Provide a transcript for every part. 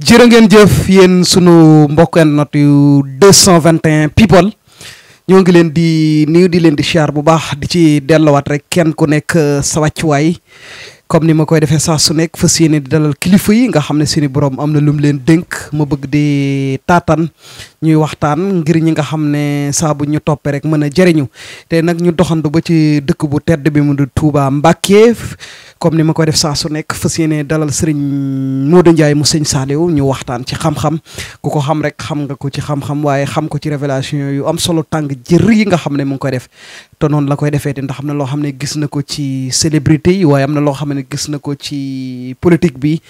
jërë ngeen jëf yéen sunu mbokk not yu 221 people ñoo ngi leen di nuyu di leen di siyaar bu baax di ci delluwaat rek kenn ku nekk euh, sa wàccuwaay comme ni ma koy defee saa su nekk fa yéene di dalal kilifa yi nga xam ne seeni boroom am na lum leen dënk ma bëgg di taataan ñuy waxtaan ngir ñi nga xam ne saa bu ñu toppe rek mën a jëriñu te nag ñu doxandu ba ci dëkk bu tedd bi mu di Touba Mbacké comme ni ma koy def saa su nekk fas yéene dalal sëriñ Modou njaay mu sëñ Saliou ñu waxtaan ci xam-xam ku ko xam rek xam nga ko ci xam-xam waaye xam ko ci révélation yu am solo tàng jër yi nga xam ne mu ngi koy def te noonu la koy defee te ndax am na loo xam ne gis na ko ci célébrité yi waaye am na loo xam ne gis na ko ci politique bi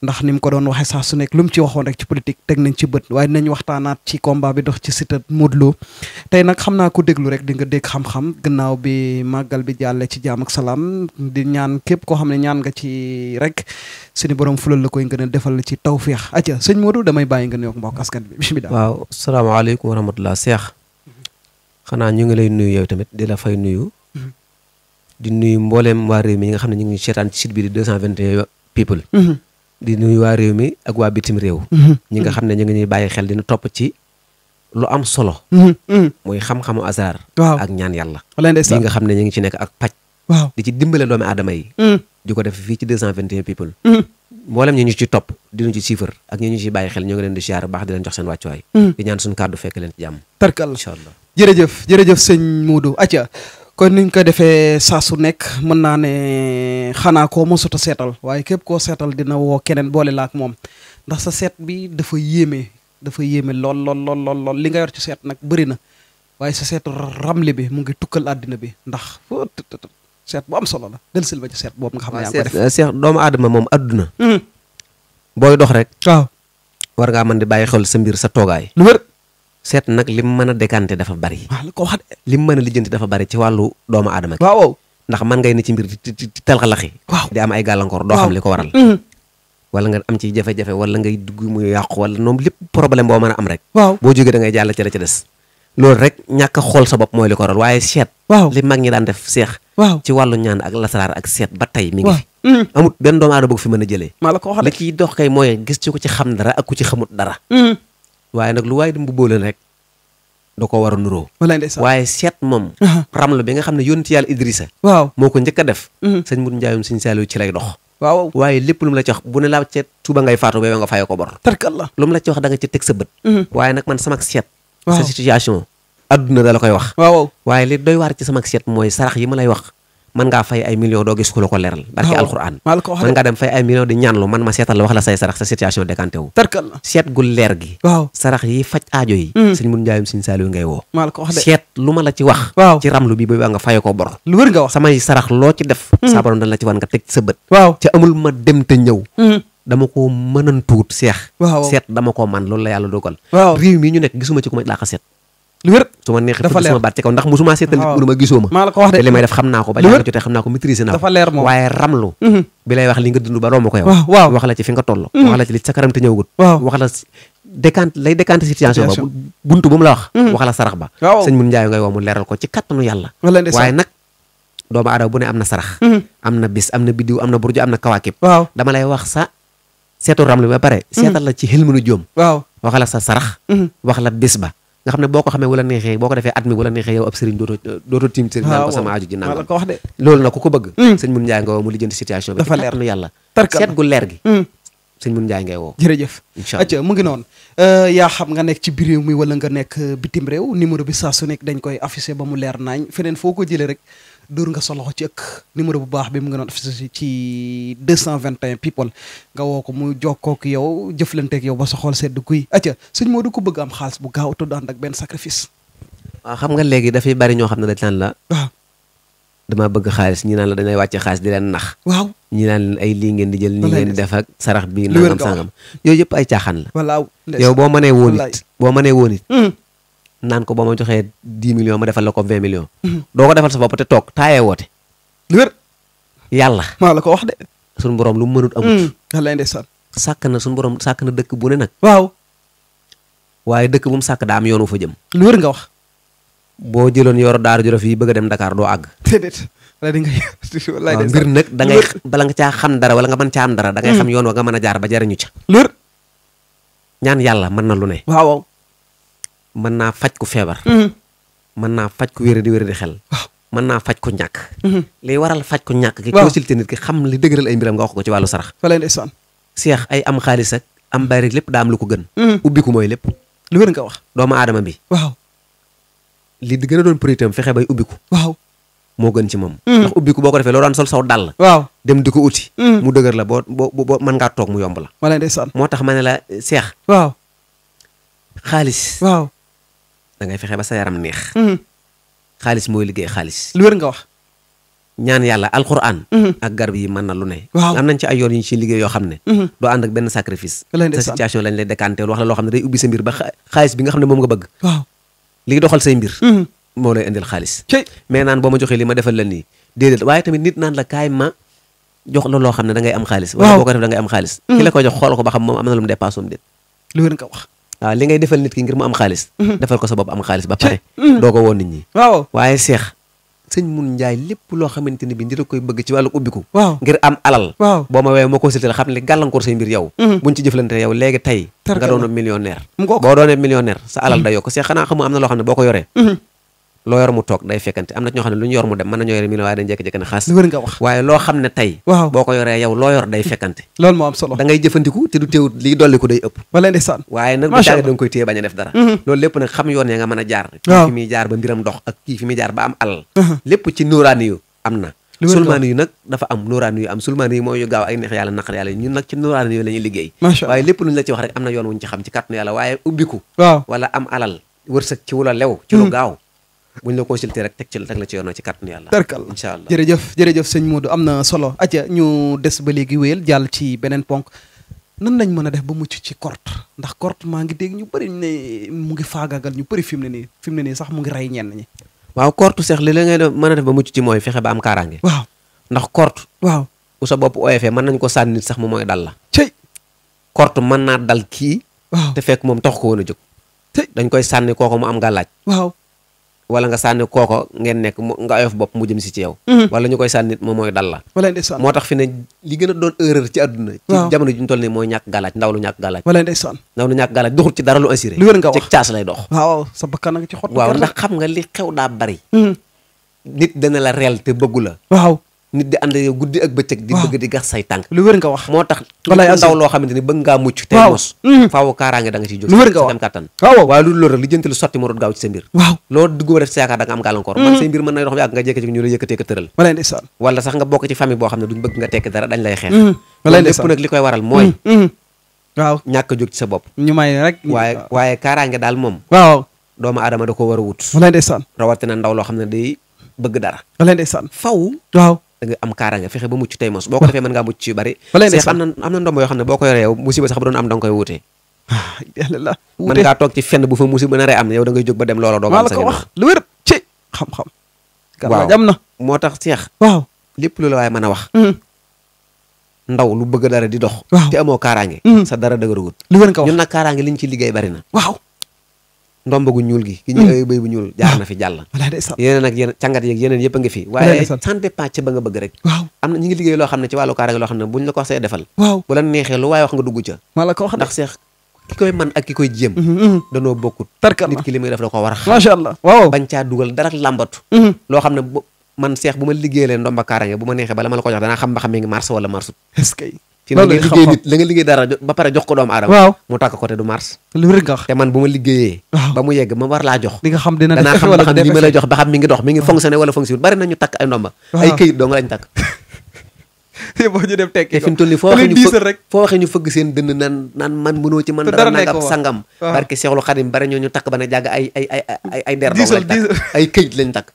ndax ni mu ko doon waxee saa su nekk lu mu ci waxoon rek ci politique teg nañ ci bët waaye dinañ waxtaanaat ci combat bi dox ci Siteu Modou Lo tey nag xam naa ku déglu rek di nga dégg xam-xam gannaaw bi màggal bi jàlle ci jaam ak salaam di ñaan képp koo xam ne ñaan nga ci rek suñu borom fulal la koy gën a defal la ci tawféex aja sëñ Modou damay bàyyi nga ne nuyoog mbokk askan bi bismillah waaw salaamaaleykum wa rahmatulah Cheikh xanaa ñu ngi lay nuyu yow tamit di la fay nuyu mm-hmm. di nuyu mbooleem waa réew mi ñi nga xam ne ñu ngi ci site bi di 221 people mm-hmm. di nuyu waa réew mi ak waa bitim réew. Mm-hmm. ñi nga xam ne ñu ngi ñuy bàyyi xel dina topp ci lu am solo. Mm-hmm. Mm-hmm. muy xam-xamu azar. waaw ak ñaan yàlla. li nga xam ne ñu ngi ci nekk ak paj waaw di ci dimbale doomi aadama yi. di ko fii ci 221 people. mboolem ñi ñu ci topp dinu ci siifar ak ñi ñu ci bàyyi xel ñoo ngi leen di siyaar baax di leen jox seen wàccuwaay. di ñaan suñu kàddu fekk leen ci jàmm. tarkal jërëjëf jërëjëf sëñ Modou Atia. kon niñ ko defee saa su nekk mën naa ne xanaa koo mosut a seetal waaye képp koo seetal dina woo keneen boole la ak moom ndax sa seet bi dafa yéeme dafa yéeme lool lool lool lool lool li nga yor ci seet nag bëri na waaye sa seet ramle bi mu ngi tukkal àddina bi ndax seet bu am solo la del sil ba ci seet boobu nga xam ne yaa def seet doomu aadama moom àdduna mm-hmm. booy dox rek waaw war ngaa mën di bàyyi xel sa mbir sa toogaay seet nag lim mën a décanté dafa bari. waaw ko wax lim mën a lijjanti dafa bari ci wàllu doomu aadama gi. waaw ndax mën ngay ne ci mbir di talxalaxi. waaw di am ay gàllankoor doo xam li ko waral. Mm-hmm. wala nga am ci jafe-jafe wala dugg muy yàqu wala noom lépp problème boo mën am rek. waaw boo jógee da ngay jàll ci la ci des. loolu rek ñàkk a xool sa bopp ko waaye seet. waaw li mag ñi daan def seex. waaw ci wàllu ñaan ak lasaraar ak seet ba tey mi ngi fi. Mm-hmm. amut benn doomu aadama bu ko fi mën a jëlee. la ko waxal li ciy dox kay mooy gis ci ku ci xam dara ak ku ci xamut dara. Mm-hmm. waaye nag lu waay di mbubboo leen rek da ko war a nuroo waaye seet moom ramla bi nga xam ne yonent yàlla Idrissa waaw moo ko njëkk def mhm. sëñ mut njaayum sëñ Saliou ci lay dox waaw waaye lépp lu mu la ci wax bu ne la ca tuuba ngay faatu bee nga fay ko bor tarkalla lu mu la ci wax da nga teg sa bët mhm. waaye nag man samak seet sa situation adduna da la koy wax waaw waaye li doy waar ci samak seet mooy sarax yi ma lay wax mën ngaa fay ay millions doo gis ku la ko leeral barki ah alxuraan mën ngaa dem fay man ma seetal la wax la say sarax sa situation décanté wu seet gu leer gi sarax yi faj aajo yi hmm. sëñ mun njaayum sëñ saaliw ngay woo seet lu ma la ci wax ci ramlu bi ba nga faye ko bor wax samay sarax loo ci def hmm. saa borom la ci wan nga teg sa bët waaw amul ma dem te ñëw hmm. dama ko mënantuut seex seet dama ko man loolu la yàlla dogal réew mi ñu nekk gisuma ci ku ma laa seet lu wér su ma neexee dafa leer sama baat ci kaw ndax musuma seetal lu ma gisoo ma maa la wax de li naa ko ba li nga jotee xam naa ko maîtriser naa ko waaye ramlu mhm. bi lay wax li nga dund ba romb ko yow waaw wax la ci fi nga mhm. wax la ci li sa karam te lay décante situation ba bu la wax mhm. wax la sarax ba sëñ mun njaayo ngay woo mu leeral ko ci kattanu yàlla waaye nag doomu aadama bu ne am na sarax am na bis am na biddiw am na burju am na kawaakib waaw dama lay wax sa seetu ramlu bi ba pare seetal la ci xel mënu joom wax la sa sarax wax la bis ba nga xam ne boo ko xamee wala neexee boo ko defee at mi wala neexee yow ab sëriñ dootoo dootoo tiim sëriñ naan ko ah, sama aju ji naan ko wax de loolu na ku ko bëgg hmm. sëñ mun njaay nga woo mu lijjanti situation bi dafa leer nu yàlla hmm. njaay ngay jërëjëf incha mu ngi noonu euh, yaa xam nga nekk ci biir réew mi nga nekk euh, bitim réew numéro bi saa su nekk dañ koy affiché ba mu leer naañ feneen foo ko jëlee rek dóor nga solo loxo ci ëkk numéro bu baax bi mu nga doon affiché ci 221 people nga woo ko mu jokkoo ak yow jëflanteeg yow ba sa xool sedd guy acca sëñ Modou ko bëgg am xaalis bu gaaw to ànd ak benn sacrifice. xam nga léegi dafay bari ñoo xam ne dañ naan la. waaw dama bëgg xaalis ñi naan la dañu wàcce xaalis di leen nax. waaw ñi naan ay lii ngeen di jël. nii ngeen di def ak sarax bi. nangam sangam yooyu yëpp ay caaxaan la. yow boo manee woon it boo mënee woon naan ko boo ma joxee 10 millions ma defal la ko 20 millions. Mhm. doo ko defal sa bopp te toog taayee woote. lu wér. yàlla. maa la ko wax de. sunu borom lu mënut amut. wallaay mm. ndeysaan. sàkk na sunu borom sàkk na dëkk bu ne nag. waaye dëkk bu mu sàkk daa fa jëm. lu wér boo jëloon yor daaru jolof bëgg dem Dakar doo àgg. da ngay bala nga caa xam nga mën caa am dara. da mm. xam yoon nga mën a jaar ba jariñu ca. lu wér. ñaan ne. man naa faj ku feebar. man mhm. naa faj ku wéradi wéradi xel. mën naa faj ko ñàkk. Mhm. liy waral faj ko ñàkk. ki consulté nit ki xam li dëgëral ay mbiram nga wax ko ci wàllu sarax. wala ndeysaan. seex ay am xaalis am bari lépp daa am lu ko gën. Mhm. ubbiku mooy lépp. lu wér nga wax. doomu aadama bi. li di gën a doon priorité am fexe bay ubbiku. moo gën ci moom. ndax ubbiku boo ko defee loo daan sol saw dàll. dem di ko uti. mu dëgër la boo boo boo mën ngaa toog mu yomb la. wala ndeysaan. moo tax ma ne la seex. waaw xaalis. dangay fexe ba sa yaram neex. Mhm. xaalis mooy liggéey xaalis. lu wér nga wax. ñaan yàlla alquran. Mhm. ak garab yi mën na lu ne. waaw am nañ ci ay yoon yu ñu liggéey yoo xam ne. Mhm. doo ànd ak benn sacrifice. sa situation lañ lay décanté wax la loo xam ne day ubbi sa mbir ba bi nga xam ne moom nga bëgg. waaw li doxal say mbir. moo lay indil xaalis. mais naan boo ma joxee li ma defal la nii déedéet waaye tamit nit naan la kaay ma jox la loo xam ne da ngay am xaalis. waaw wala boo ko def da am xaalis. ki la ko jox xool ko ba xam moom wax waaw li ngay defal nit ki ngir mu am xaalis mhm. defal ko sa bopp am xaalis ba pare mhm. doo ko woon nit ñi waaw waaye seex sëñ mun njaay lépp loo xamante ne bi ndi koy bëgg ci wàllu ubbiku waaw ngir am alal waaw boo ma woowe ma ko siltal xam ne gàllankoor say mbir yow mhm. buñ ci jëflante yow léegi tey nga doon millionnaire boo doonee millionnaire sa alal da yokk seex xanaa xamu am na loo xam ne boo ko yoree loo yor mu toog day fekkante loolu moo da ngay jëfandiku nag a mhm. xam yoon ya nga mën a jaar kii fi muy jaar ba mbiram dox ak kii fi muy jaar ba am alal mhm. lépp ci nooraani yu am na sulmaani yu nag dafa am nooraani yu am sulmaani yu mooy yu gaaw ay neex yàlla naqar yàlla ñun nag ci nooraani yu la ñuy liggéey waaye lépp luñ la ci wax rek am na yoon wuñ ci xam ci kàttanu yàlla waaye ubbiku waaw am alal wërsëg ci wula lew ci lu mhm. gaaw buñ la consulter rek teg ci rek la ci yoonoo ci kàttanu yàlla. tarkal incha allah jërëjëf jërëjëf sëñ Modou am na solo. aja ñu des ba léegi wéyal jàll ci beneen ponk nan nañ mën a def ba mucc ci corte ndax corte maa ngi dégg ñu bëri ñu mu ngi faagagal ñu bëri fi mu ne nii fi mu ne nii sax mu ngi rey ñenn ñi. waaw corte seex la mën a def ba mucc ci mooy fexe ba am kaaraange. waaw ndax corte. waaw bu sa bopp oyofee mën nañ ko sànni sax mu mooy dal la. cey corte mën naa dal kii. waaw te fekk moom tax ko woon a jóg. dañ koy sànni kooku mu am gàllaaj wala nga sànni kooko ngeen nekk nga oyof bopp mu jëm si ci yow mhm. wala ñu koy sànni moom mooy dal la moo tax fi ne li gën a doon erreur ci àdduna ci jamono ju ñu toll nii mooy ñàkk galaaj ndaw lu ñàkk galaaj wala ci dara lu assuré lu wér nga wax ci caas lay dox waaw ndax xam nga li xew daa bari mhm. nit dana la réel te bëggu la nit di ànd yow guddi ak bëccëg di bëgg di gas say tànk lu wér nga wax moo tax walaay ndaw loo xamante ni bëgg ngaa mhm. nga ciy jóg lu wér nga wax kàttan waaw waaye lu loolu rek li jënte sa mbir waaw loolu duggoo def sa yaakaar da nga am gàllankoor mhm. man say mbir mën na yoo xam yàgg nga jékki ci ñu la yëkkatee ko tëral walaay ndeysaan wala xam ne duñ bëgg nga tekk dara dañ lay mhm. sa bopp ñu a day bëgg dara faw nga am kaaraange fexe ba mucc tey mos boo ko defee mën ngaa mucc yu bari seex am na am na ndomb yoo xam ne boo ko yoree musiba sax bu doon am da nga wuute yàlla ngaa toog ci fenn bu fa musiba naree am yow da ngay jóg ba dem loola doo sax lu wér ci xam-xam moo tax seex waaw lépp waaye mën a wax mm-hmm. ndaw lu bëgg dara di dox te amoo kaaraange mm-hmm. sa dara dëgërawut lu wér nga wax ñun nag kaaraange liñ ci liggéey bari ndomba gu ñuul gi. ki ñuy ay béy bu ñuul jaar fi jàll. yeneen ak yeneen yeneen yëpp a fi. waaye santé pàcc ba nga bëgg rek. waaw liggéey loo xam ne ci wàllu kaaraange loo xam ne buñ la ko waxee defal. bu la neexee lu waaye wax nga dugg ca. ndax seex ki koy man ak ki koy jéem. Mm-hmm, mm-hmm. danoo bokkut. nit ki li da ko war a xam. macha dugal dara làmbatu. Mm-hmm. loo xam ne man seex bu ma liggéeyee leen ndomba kaaraange bu ma neexee bala ma la ko jox danaa xam ba xam ngi mars wala marsut te man bu ma liggéeyee ba mu yegg ma war laa jox li nga xam dina danaa xam ba xam li ma lay jox ba xam mi ngi dox mi ngi fonctionné wala fonctionné bari nañu takk ay ndomba ay këyit doo nga takk dem tekki fi mu toll nii foo waxee ñu fëgg seen dënn naan naan man mënoo ci man dara nangam ñu takk ba ne jàgg ay ay ay ay der ay këyit takk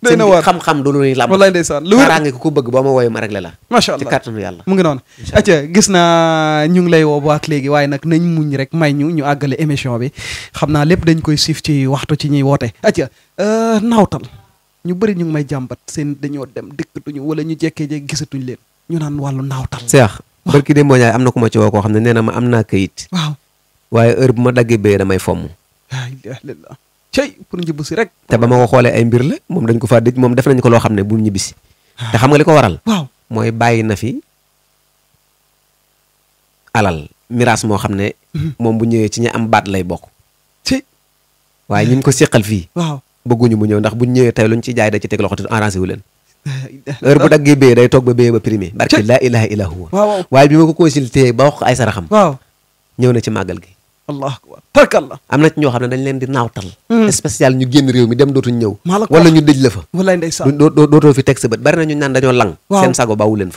day na waar a xam du lu ñuy bëgg boo ma woy ma réglé la macha allah ci kàttanu yàlla mu ngi gis naa ñu ngi lay woo baat léegi waaye nag nañ muñ rek may ñu ñu àggale émission bi xam naa lépp dañ koy siif ci waxtu ci ñuy woote acca euh, nawtal ñu bëri ñu ngi may jàmbat seen dañoo dem dikk duñu wala ñu jekkee-jekk gisatuñ leen ñu naan wàllu nawtal seex barki de moo ñaay am na ku ma ci woo koo xam ne nee na ma am naa kayit waaw waaye heure bu ma daggee bee damay fomm cey pour ñibbisi rek. te ba ma ko xoolee ay mbir la moom dañ ko faa dëj moom def nañ ko loo xam ne bu ñibbisi. te xam nga li ko waral. waaw mooy bàyyi na fi alal miraas moo xam ne. Mhm. moom bu ñëwee ci ñi am baat lay bokk. ci waaye ñi ko seqal fii. waaw bëgguñu mu ñëw ndax buñ ñëwee tey luñ ci jaay da ci teg loxo te arrangé wu leen. heure bu daggee bee day toog ba bee ba primé. barke laa ilaha illa waaye bi ma ko consulté ba wax ay saraxam. waaw ñëw na ci màggal gi. allah akbar tarkalla am na ci ñoo xam ne dañ leen di naawtal hmm. spécial ñu génn réew mi dem dootuñ ñëw wala ñu dëj la fa walaay ndeysaan dootoo fi teg sa bët bari na ñu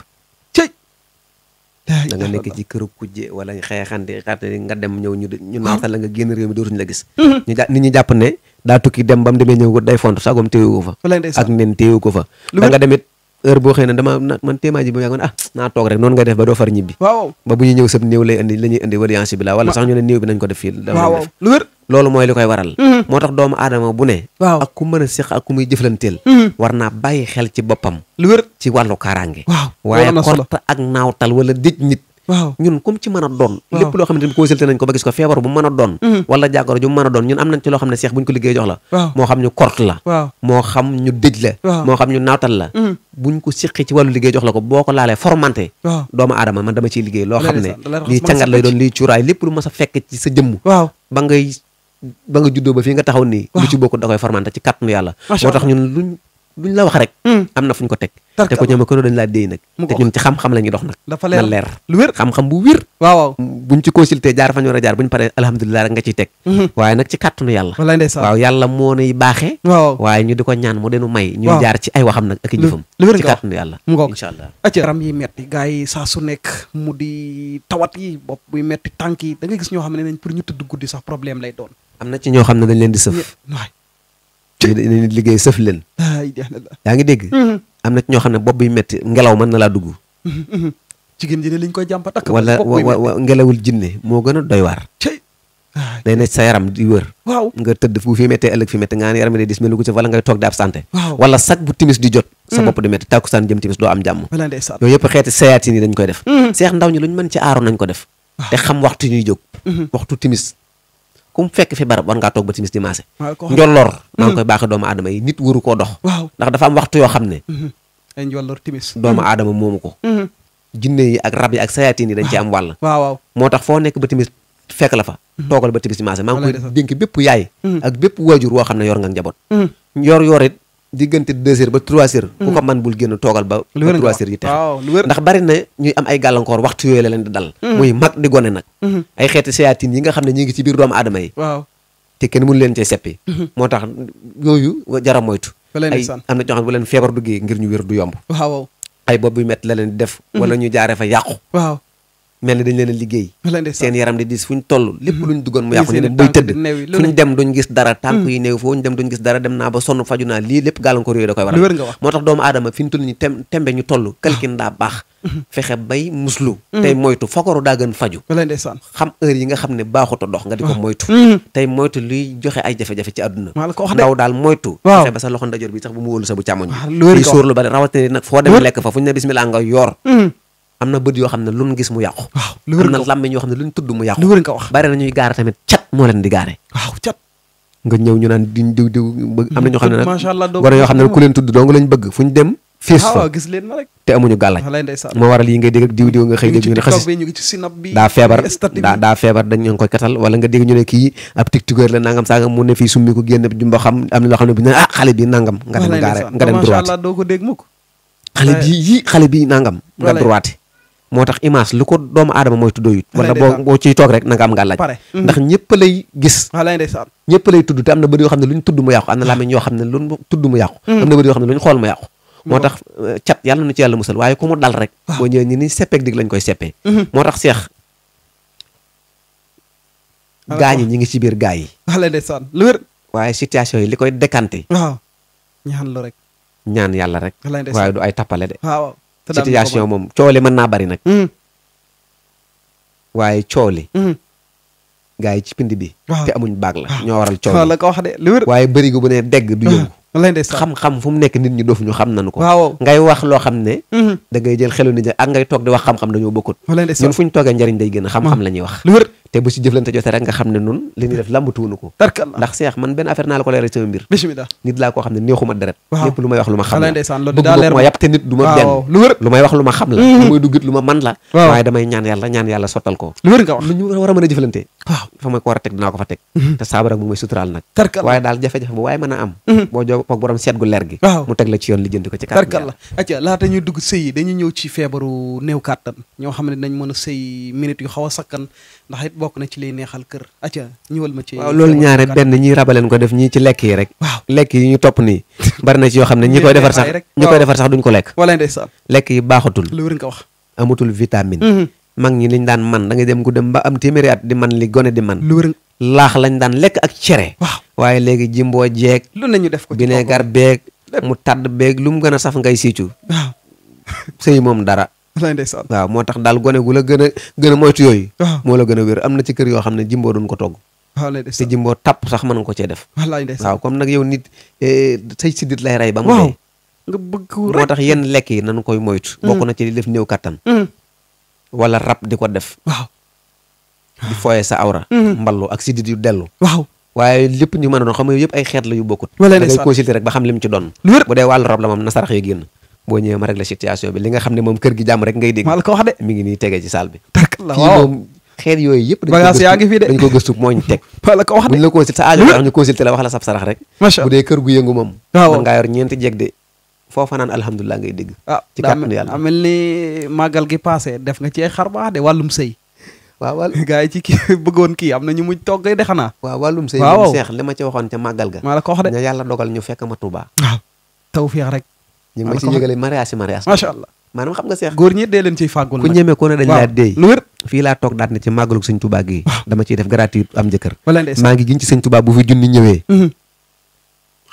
da nekk ci kujje wala xeexandi nga dem ñëw ñu ñu naawtal la nga génn réew mi dootuñ la gis hmm. ñu nit ñi jàpp ne daa tukki dem ba mu demee ñëw ko day font sagoom téewu ko fa ak nen téewu fa da demit heure boo xëy na dama man téemaa ji ba yàgg a ah, naa toog rek noonu nga def ba doo far ñibbi waaw ba bu ñëw sab néew lay indi la ñuy indi wadiyanci bi laa wala sax ñu ne néew bi nañ ko def fii lu wér loolu mooy li koy waral mhm. moo tax doomu aadama bu ne waaw ak ku a séq ak ku mhm. war naa bàyyi xel ci boppam lu wér ci wàllu kaaraange waaye korte ak naawtal wala déj nit waaw ñun comme ci mën a doon lépp loo xamante ni consulté nañ ko ba gis ko feebar bu mën doon mm-hmm. wala jàngoro ju mën a doon ñun am nañ ci loo xam ne seex bu ñu ko liggéey jox la moo xam ñu kort la moo mm-hmm. ko jox la ko boo ko laalee formanté doomu aadama man dama ciy liggéey loo xam ne lii cangat lay doon lii cuuraay lépp lu mas a fekk ci sa jëmm ba ngay ba juddoo ba fii nga taxaw nii lu ci bokk da koy formanté ci kàttanu yàlla moo tax ñun luñ luñ la wax rek. Hmm. am na fuñ ko teg. te ko ñoom ak dañ laa déy nag. te ñun ci xam-xam la ñuy dox nag. dafa leer na leer xam-xam bu wér. waaw waaw buñ ci consulté jaar fa ñu war a jaar buñ paree alhamdulilah rek nga ciy teg. Hmm. waaye nag ci kàttanu yàlla. waaw yàlla moo nuy baaxee. waaye ñu di ñaan mu denu may. ñu jaar ci ay waxam nag ak i jëfam. lu wér ci kàttanu yàlla. incha allah yi metti mu di tawat yi yi da nga gis ñoo xam ne nañ pour ñu tëdd guddi sax problème lay doon. am na ci ñoo xam ne dañ leen di sëf nit liggéey sëf leen yaa ngi dégg mhm. am na ci ñoo xam ne bopp bi metti ngelaw man na laa dugg mhm, mhm. jigéen ji de liñ koy jàmpa takk wala ngelawul jinne moo gën a doy waar ah, day ne sa yaram di wër waaw nga tëdd fu fi méttee ëllëg fi métti nga ne yaram di dis mel ni ku ci wala ngay toog di absenté wala sax bu timis di jot sa bopp di métti tàkkusaan jëm timis doo am jàmm yooyu yëpp xeeti sayaat yi dañ koy def seex ndaw ñi luñ mën ci aaru nañ ko def te xam waxtu ñuy jóg waxtu timis ku mu fekk fi barab war ngaa toog ba timis di maase njolloor maa ngi mm-hmm. koy baaxe doomu aadama yi nit waru koo dox dafa am waxtu yoo xam ne mm-hmm. ay njolloor mm-hmm. moomu ko jinne yi ak rab yi ak sayaatin yi dañ ci am wàll moo tax foo nekk ba timis fekk la fa toogal ba timis di maase maa ngi koy dénk bépp yaay ak bépp waajur woo xam ne yor nga njaboot yor yorit diggante deux heures ba trois heures ku ko hmm. man bul génn toogal ba trois heures yi tex ndax bari na ñuy am ay gàllankoor waxtu yooyu la di dal hmm. muy mag di gone nag hmm. ay xeeti sayaatin yi nga xam ne ñi ngi ci biir doomu aadama yi te kenn mënu leen cee seppi moo tax yooyu jara moytu ay am na ñoo di def wala ñu jaaree fa yàqu mel ni dañ leen a liggéey seen yaram di diis fu ñu toll lépp mhm. luñ duggoon mu yàqu ñu dem duñ gis dara tànk mhm. yi néew foo ñu dem duñ gis dara dem naa ba sonn faju naa lii lépp gàllankoor yooyu da koy waral moo tax doomu aadama fi ñu toll ñu tembe ñu toll kalkin ah. daa baax mhm. fexe bay muslu tey moytu fakaru daa gën faju xam heure yi nga xam ne baaxuta dox nga di ko ah. moytu tey moytu luy joxe ay jafe-jafe ci àdduna ndaw daal moytu fexe ba sa loxo ndajoor bi sax bu mu wóolu sa bu càmmoñ bi ah, sóorlu ba rawatina nag foo lekk fa fu ñu ne am na bët yoo xam ne lu ñu gis mu yàqu waaw am na làmmiñ yoo xam ne lu ñu tudd mu yàqu lu wër nga na ñuy gaare tamit cat moo leen di gaare waaw nga ñëw ñu naan diw diw yoo xam ne leen tudd dong lañ bëgg fu ñu dem fiis fa te amuñu gàllaaj moo waral yi ngay dégg diw diw nga xëy dégg ñu ne xasis daa feebar dañ koy katal wala nga dégg ñu ne kii ab tiktoker la nangam sangam mu ne fii summi ko génn am na loo xam ne bu ñu ah xale bi nangam nga dem gaare xale bi yii xale bi nangam nga droite moo tax image lu ko doomu aadama mooy tuddooyut wala boo boo ciy toog rek na am nga laaj mm-hmm. ndax ñëpp lay gis ñëpp lay tudd te am na bëri yoo xam ne lu ñu tudd mu yàqu am na ba yoo ne lu ñu tudd mu yàqu mm. am na bëri yoo xam ne lu ñu xool mu yàqu moo tax euh, cat yàlla nu ci yàlla musal waaye ku mu dal rek ah. boo ñëwee ñi ni seppeek dig lañ koy seppee mm-hmm. moo tax seex ah. gaañi ñi ngi ci biir gaa yi lu wér waaye situation yi li koy décanté waaw ñaan lu rek ñaan yàlla rek waaye du ay tappale de situation moom coole mën naa bari nag. Hmm. waaye coole. Hmm. gaa ci pind bi. te amuñ baag la ah. ñoo waral coole. la ko wax waaye bërigo bu ne dégg du yëngu. wallaay ndeysaan xam-xam fu mu nekk nit ñu dof ñu xam nañu ko waaw ngay wax loo xam ne mhm. da jël xelu nit ñi day gën xam-xam mhm. la ñuy wax lu wér te bu si jëflante jotee rek nga xam ne nun li ñuy def lambatuwunu ko ndax seex man benn affaire naa la ko leeral sama mbir nit laa koo xam ne neexuma deret lu may wax lu ma xam la lu may duggit lu ma man la waaye damay ñaan yàlla ñaan yàlla sottal ko lu wér nga wax lu ñu war a mën a jëflante waaw fa ma ko war a teg dinaa ko fa teg mhm. te saaba nag mu may suturaal nag waaye daal jafe-jafe bu waaye mën a am mhm. boo jox ak borom seet gu leer gi mu teg la ci yoon lijjanti ko ci kàttan tarkalla a a sakkan ndax it bokk na ci liy neexal kër acca ñëwal loolu ñaare benn ñi rabaleen ko def ñii ci lekk yi rek lekk yi ñu topp nii bari na ci yoo xam ne ñi koy defar sax ñi koy defar sax duñ ko lekk wala ndeysaan lekk yi baaxatul lu wér nga amatul vitamine mhm. mag ñi lañ daan man da ngay dem ku dem ba am téeméeri at di man li gone di man lu wër laax lañ daan lekk ak cere waaye léegi jimboo jeeg lu nañu def ko bineegar beeg mu tàdd beeg lu mu gën a saf ngay siicu waaw sëy moom dara waaw moo tax daal gone gu la gën a gën a moytu yooyu moo la gën a wér am na ci kër yoo xam ne jimboo duñ ko togg te jimboo tap sax mën nga ko cee def waaw comme nag yow nit eh, say siddit lay rey ba mu dee nga moo tax yenn lekk yi nañu koy moytu mm. bokk na ci li def néew kattan mm. wala rab di ko def. waaw di foyee sa awra. Mm-hmm. mballu ak sidit yu dellu. waaw waaye lépp ñu mën a doon xam nga ay xeet la yu bokkut. wala da ngay consulter rek ba xam doon. lu wér bu dee wàllu rab la moom nga xam ne moom kër gi jàmm rek ngay dégg. maa la ko ngi nii tege ci saal bi. moom yooyu yëpp bagage yaa ngi fi de dañ ko gëstu mooñ teg wala ko wax de buñ la consulté sa aajo wax ñu consulté la sab sarax rek bu dee kër gu yëngu moom man ngaa yor ñeenti jeeg de foofa naan alhamdulilah ngay dégg. Ah, ci kàttanu yàlla ah mel ni gi passé def nga ci ay xar baax de wàllum sëy. waaw wàll gars yi ci kii bëggoon kii am na ñu mujj toggay de xanaa. waaw wàllum sëy moom seex li ma ga. maa la ko wax de ña yàlla dogal ñu fekk ma Tuubaa. waaw tawfeex rek. ñu ma ci yëgale mariage si mariage. macha allah maanaam xam nga seex. góor ñi dee leen ciy fàggul ku ñeme ko ne dañ laa dee lu wér fii laa toog daat ne ci màggalug sëñ Tuubaa gi dama ciy def gratuit am jëkkër maa ngi giñ ci sëñ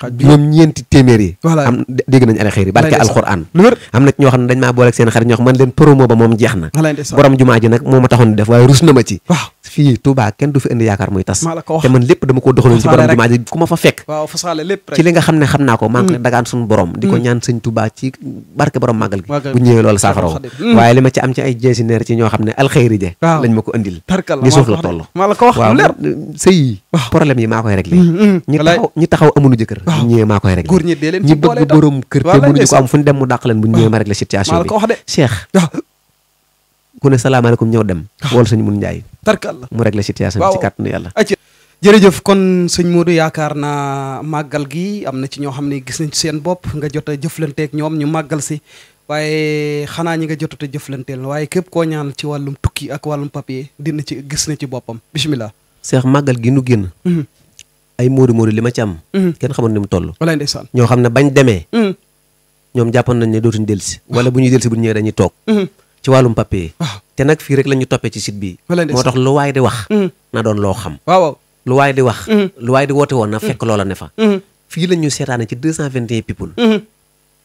ñoom ñeenti téeméer yi voilà am dégg nañu ana yi barke alxuraan am na ñoo xam ne dañ maa booleeg seen xarit ñoo xam man leen promo ba moom jeex na borom jumaa ji nag moo a taxoon def waaye rus na ma ci fii Touba kenn du fi indi yaakaar muy tas te man lépp dama ko doxaloon ci borom jumaa ji ku ma fa fekk ci li nga xam ne xam naa ko maa ngi mm. dagaan suñu borom di ko mm. ñaan sëñ Touba ci barke borom màggal gi bu ñi taxaw ñi jëkkër ñi bëgg borom kër te mënuñu ko am fu ñu mu dàq bu ñëwee ma réglé situation bi Cheikh ku ne salaamaaleykum ñëw dem. Ah. wool sëñ mun njaay. tarkalla mu réglé situation bi ci kàttanu yàlla. jërëjëf kon sëñ Modou yaakaar naa màggal gi am na ci ñoo xam ne gis nañ ci seen bopp nga jot a ñoom ñu màggal si waaye xanaa ñi nga jotut a waaye képp koo ñaan ci wàllum tukki ak wàllum papier dina ci gis na ci boppam bisimilah. seex màggal gi nu génn. Mhm. ay móori móori li ma ci am. Mhm. kenn xamoon ni mu toll. walaay ñoo xam ne bañ demee. Mhm. ñoom jàppoon nañ ne dootuñ delsi wala bu ñuy delsi bu ñëwee dañuy toog. ci wàllum papier. waaw ah. te nag fii rek la ñu toppee ci site bi. moo tax lu waaye di wax. Mm. na doon loo xam. waaw lu waaye di wax. Mm. lu waaye di woote woon na mm. fekk loola ne fa. fii la ñu seetaane ci 221 people.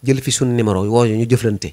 jël fi sunu numéro yooyu ñu jëflante.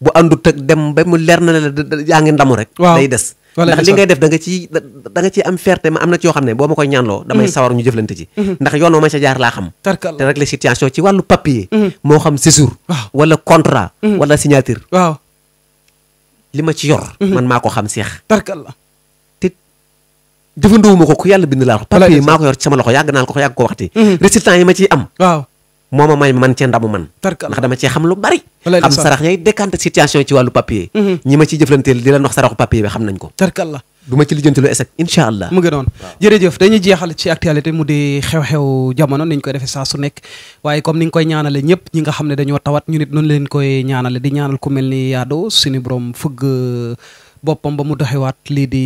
bu àndut ak dem ba mu leer na la yaa ngi ndamu rek day des ndax li ngay def da nga ci da nga ciy am fierté ma am na ci yoo ne boo ma koy ñaanloo damay mhm. sawar ñu jëflante ci mhm. ndax yoon ma ca jaar laa xam te rek les situation ci wàllu papier mhm. moo xam séjour wala contrat wala signature waaw li ma ci yor man maa ko xam seex tarkalla te jëfandoowuma ko ku yàlla bind laa ko papier maa ko yor ci sama loxo yàgg naa ko yàgg ko waxti résultat yi ma ciy am moo ma may man cee ndamu man ndax dama cee xam lu bari xam sarax yay décanté situation ci wàllu papier mhm. ñi ma ciy jëflanteel di la ndox saraxu papier bi xam nañ ko tarkalla du ma ci lijjanti lu esek incha allah mu ngi noonu jërëjëf dañuy jeexal ci actualité mu di xew-xew jamono niñ koy defee saa su nekk waaye comme ni nga koy ñaanale ñëpp ñi nga xam ne dañoo tawat ñu nit noonu leen koy ñaanale di ñaanal ku mel ni yaado suñu borom fëgg boppam ba mu doxewaat lii di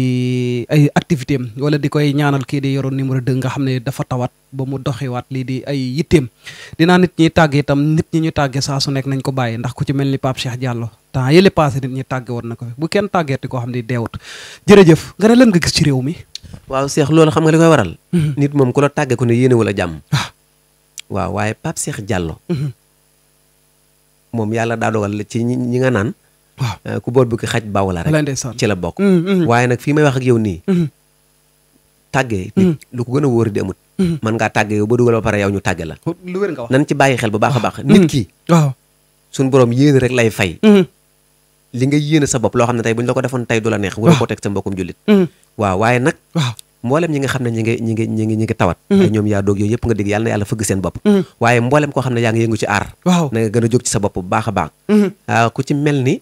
ay activité am di koy ñaanal kii di yoroon numéro 2 nga xam ne dafa tawaat ba mu doxewaat lii di ay yitteem dinaa nit ñi tàgg tam nit ñi ñu tàgge saa su nekk nañ ko bàyyi ndax ku ci mel ni Pape Cheikh Diallo temps yële passé nit ñi tàgge woon na ko fi bu kenn tàggeeti koo xam ne deewut jërëjëf nga ne lan nga gis ci réew mi waaw seex loolu xam nga li koy waral mhm. nit moom ku la tàgge ko ne yéene a jàmm ah. waaw waaye Pape mhm. moom yàlla daa dogal ci ñi nga naan waaw eh, ku boot bu ki xaj baaw la rek ci la bokk mm, mm. waaye nag fii may wax ak yow nii mm-hmm. tàggee mm-hmm. lu ko gën a wóor di amut mm-hmm. man ngaa tàggee yow ba dugal ba pare yow ñu tàgge la lu wér nga wax nan ci bàyyi xel bu baax a baax nit ki waaw suñu borom yéene rek lay fay li nga yéene sa bopp loo xam ne tey bu ñu la ko defoon tey du la neex wala ko teg sa mbokkum jullit waaw waaye nag mboolem ñi nga xam ne ñu ngi ñi ngi ñi ngi ñi ngi tawat mhm. ay ñoom yaa doog yooyu yëpp nga dégg yàlla na yàlla fëgg seen bopp mhm. waaye mboolem ko xam ne yaa ngi yëngu ci aar waaw na gën a jóg ci sa bopp bu baax a baax mhm. ah, ku ci mel ni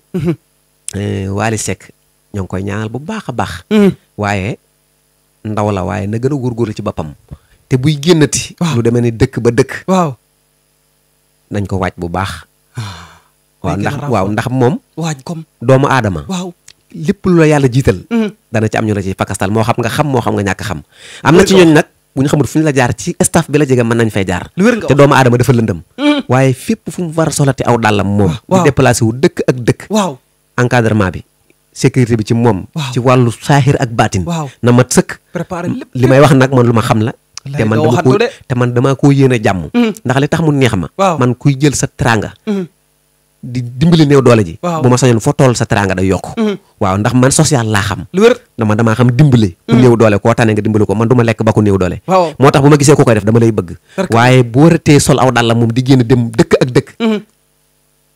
eh, Waly Seck ñoo ngi koy ñaanal bu baax a baax waaye ndaw la waaye na gën a góorgóorlu ci boppam te buy génnati lu demee ni dëkk ba dëkk waaw nañ ko waaj bu baax ah. waaw ndax moom waaj comme doomu aadama lépp lu la yàlla jiital mm-hmm. dana ci am ñu la ci fakastal moo xam nga xam moo xam nga ñàkk xam am na ci ñooñ nag bu ñu xamul fu ñu la jaar ci staff bi la jege mën nañ fay jaar te doomu aadama dafa lëndëm mm-hmm. waaye a moom di déplacé wu dëkk ak dëkk waaw encadrement bi sécurité bi ci moom ci wàllu saaxir ak baatin na mat sëkk li may wax nag man lu ma xam la te man dama ko te man damaa koo yéen a jàmm mm-hmm. ndax li tax mu neex ma man kuy jël sa tranga di dimbali néew doole ji. bu ma sañoon foo toll sa teraanga day yokk. Mhm. waaw ndax man social laa xam. lu dama damaa xam dimbali. ku mhm. néew doole koo tane nga dimbali ko man du ma lekk ba ku néew doole. moo tax bu ma gisee ku koy def dama lay bëgg. waaye bu war a tee sol aw dàll moom di génn dem dëkk ak dëkk. Mhm.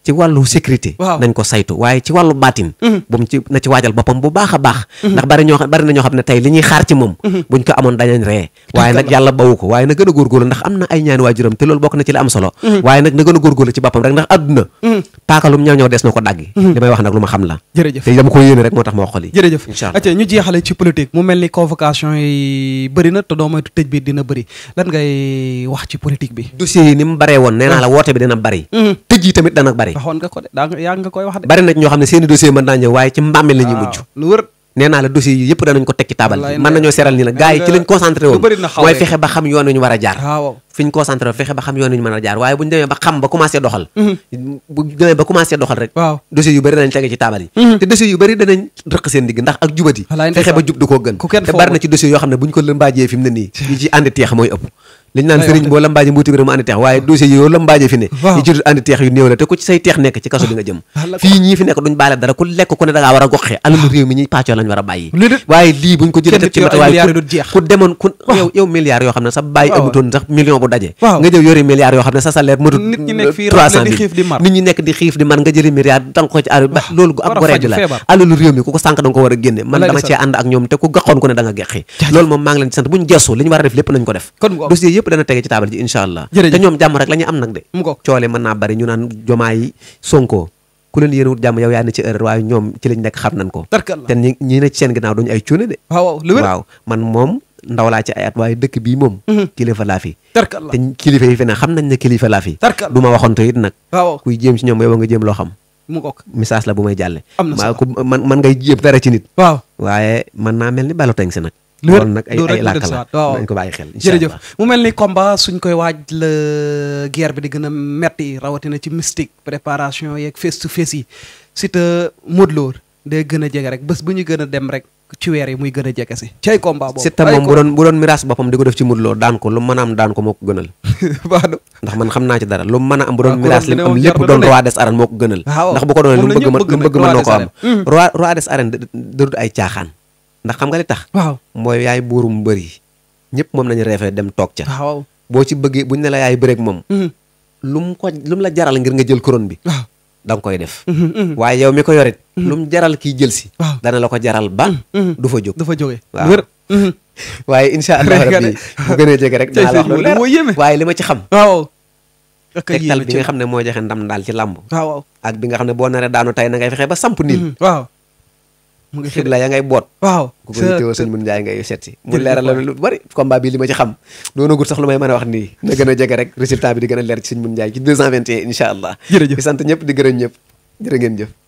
ci wàllu sécurité nañ ko saytu waaye ci wàllu baatin mhm. bu mu ci waajal boppam bu baax a baax mhm. ndax bari ñoo bari na ñoo xam ne tey li ñuy xaar ci moom mhm. buñ ko amoon dañañ ree waaye nag yàlla bawu ko waaye na gën a góorgóorlu ndax am na ay ñaani waajuram te loolu bokk na ci li am solo waaye nag na gën a góorgóorlu ci boppam rek ndax adduna paakalum ñaw ñaw des na ko dàggi li may wax nag lu ma xam la jërëjëf te dama ko yéene rek moo tax ma wax ko lii jërëjëf incha allah ñu jeexale ci mu mel ni convocation na te doo moytu tëj dina bëri lan ngay wax ci politique bi dossier yi ni mu baree woon nee la woote bi dina bari tëj yi dana bari waxoon ñoo xam ne seeni dossier mën naa ñëw waaye ci mbàmmeel la mujj lu la dossier yi yëpp danañ ko teg ci taabal bi mën nañoo seral ni la gars yi ci lañ concentré woon mooy fexe ba xam yoon wi war a jaar waaw fi woon fexe ba xam yoon wi ñu a jaar waaye bu demee ba xam ba commencé doxal mm-hmm. bu demee ba commencé doxal rek waaw yu bëri danañ tege ci taabal yi mm-hmm. te dossier yu bëri danañ rëq seen digg ndax ak jubati fexe ba jub du koo liñ naan sëriñ boo lambaaje mbuuti bi rek mu andi teex waaye dossier yoo lambaaje fi ne yi ci dul andi teex yu néew la te ku ci say teex nekk ci kaso bi nga jëm ah, fii ñii fi nekk duñ baale dara ku lekk ku ne da ngaa war a goxee ah. nit ñi nekk di xiif di mar nga jëli milliards danga ko ci ar ba réew mi ku ko sànk da nga ko war a génne man dama cee ànd ak ñoom te ku gaxoon ku ne da nga gexi loolu moom maa ngi leen ci sant buñ gestu li ñu yooyu yëpp dana tege ci taabal ji incha allah te ñoom jàmm rek la ñu am nag de mu ko coole mën naa bari ñu Jomaay Sonko ku leen yéen wut jàmm yow yaa ne ci erreur waaye ñoom ci lañ nekk xam nañ ko seen ginnaaw duñu moom ndaw laa ci at waaye dëkk bii moom mhm. kilifa laa fi te kilifa yi fi xam nañ ne kilifa laa fi du ma waxoon it nag kuy jéem si ñoom yow nga jéem loo xam mu ko la bu may jàlle man man ngay jéem dara ci nit waaw waaye man naa mel ni baloteng si nag kon nag ay ay làkk la nañ ko bàyyi xel jërëjëf mel ni combat suñ koy waaj la euh, di gën a metti rawatina ci mystique préparation yeeg face to face yi Siteu Modou a jege rek bés bu ñu gën a dem rek ci weer a jege si ci ay combat boobu Siteu ko def ci Modou Lo daan lu mën a am daan ko moo ko gënal ndax man xam naa ci dara lu mën a am bu doon miraas li am lépp doon roi des moo ko gënal ndax bu ko doonee lu mu bëgg mën na ko am mm. roi des arènes ay caaxaan ndax xam nga li tax. waaw mooy yaay buurum bëri ñëpp moom nañu reefee dem toog ca. waaw boo ci bëggee bu ne la yaay bëreeg moom. Mm-hmm. lu mu ko lu mu la jaral ngir nga jël couronne bi. waaw da nga koy def. Mm-hmm, mm-hmm. waaye yow mi ko yorit lu mu jaral kiy jël si. dana la ko jaral ba. du fa jóg du fa jógee wër. waaye incha allah rek naa la wax waaye li ma ci xam. waaw. tegtal bi nga xam ne moo joxe ndam daal ci làmb. waaw ak bi nga xam ne boo naree daanu tey na ngay fexe ba samp niil. mu ngi xir la ya ngay boot waaw ku ko yittewoo sëñ mun njaay ngay seet si mu leeral la lu bari combat bi li ma ci xam doonagut sax lu may ma a wax nii na gën a jege rek résultat bi gën a leer ci sëñ mun njaay ci 221 incha allah jërëjëf di sant ñëpp di gërëm ñëpp jërë ngeen jëf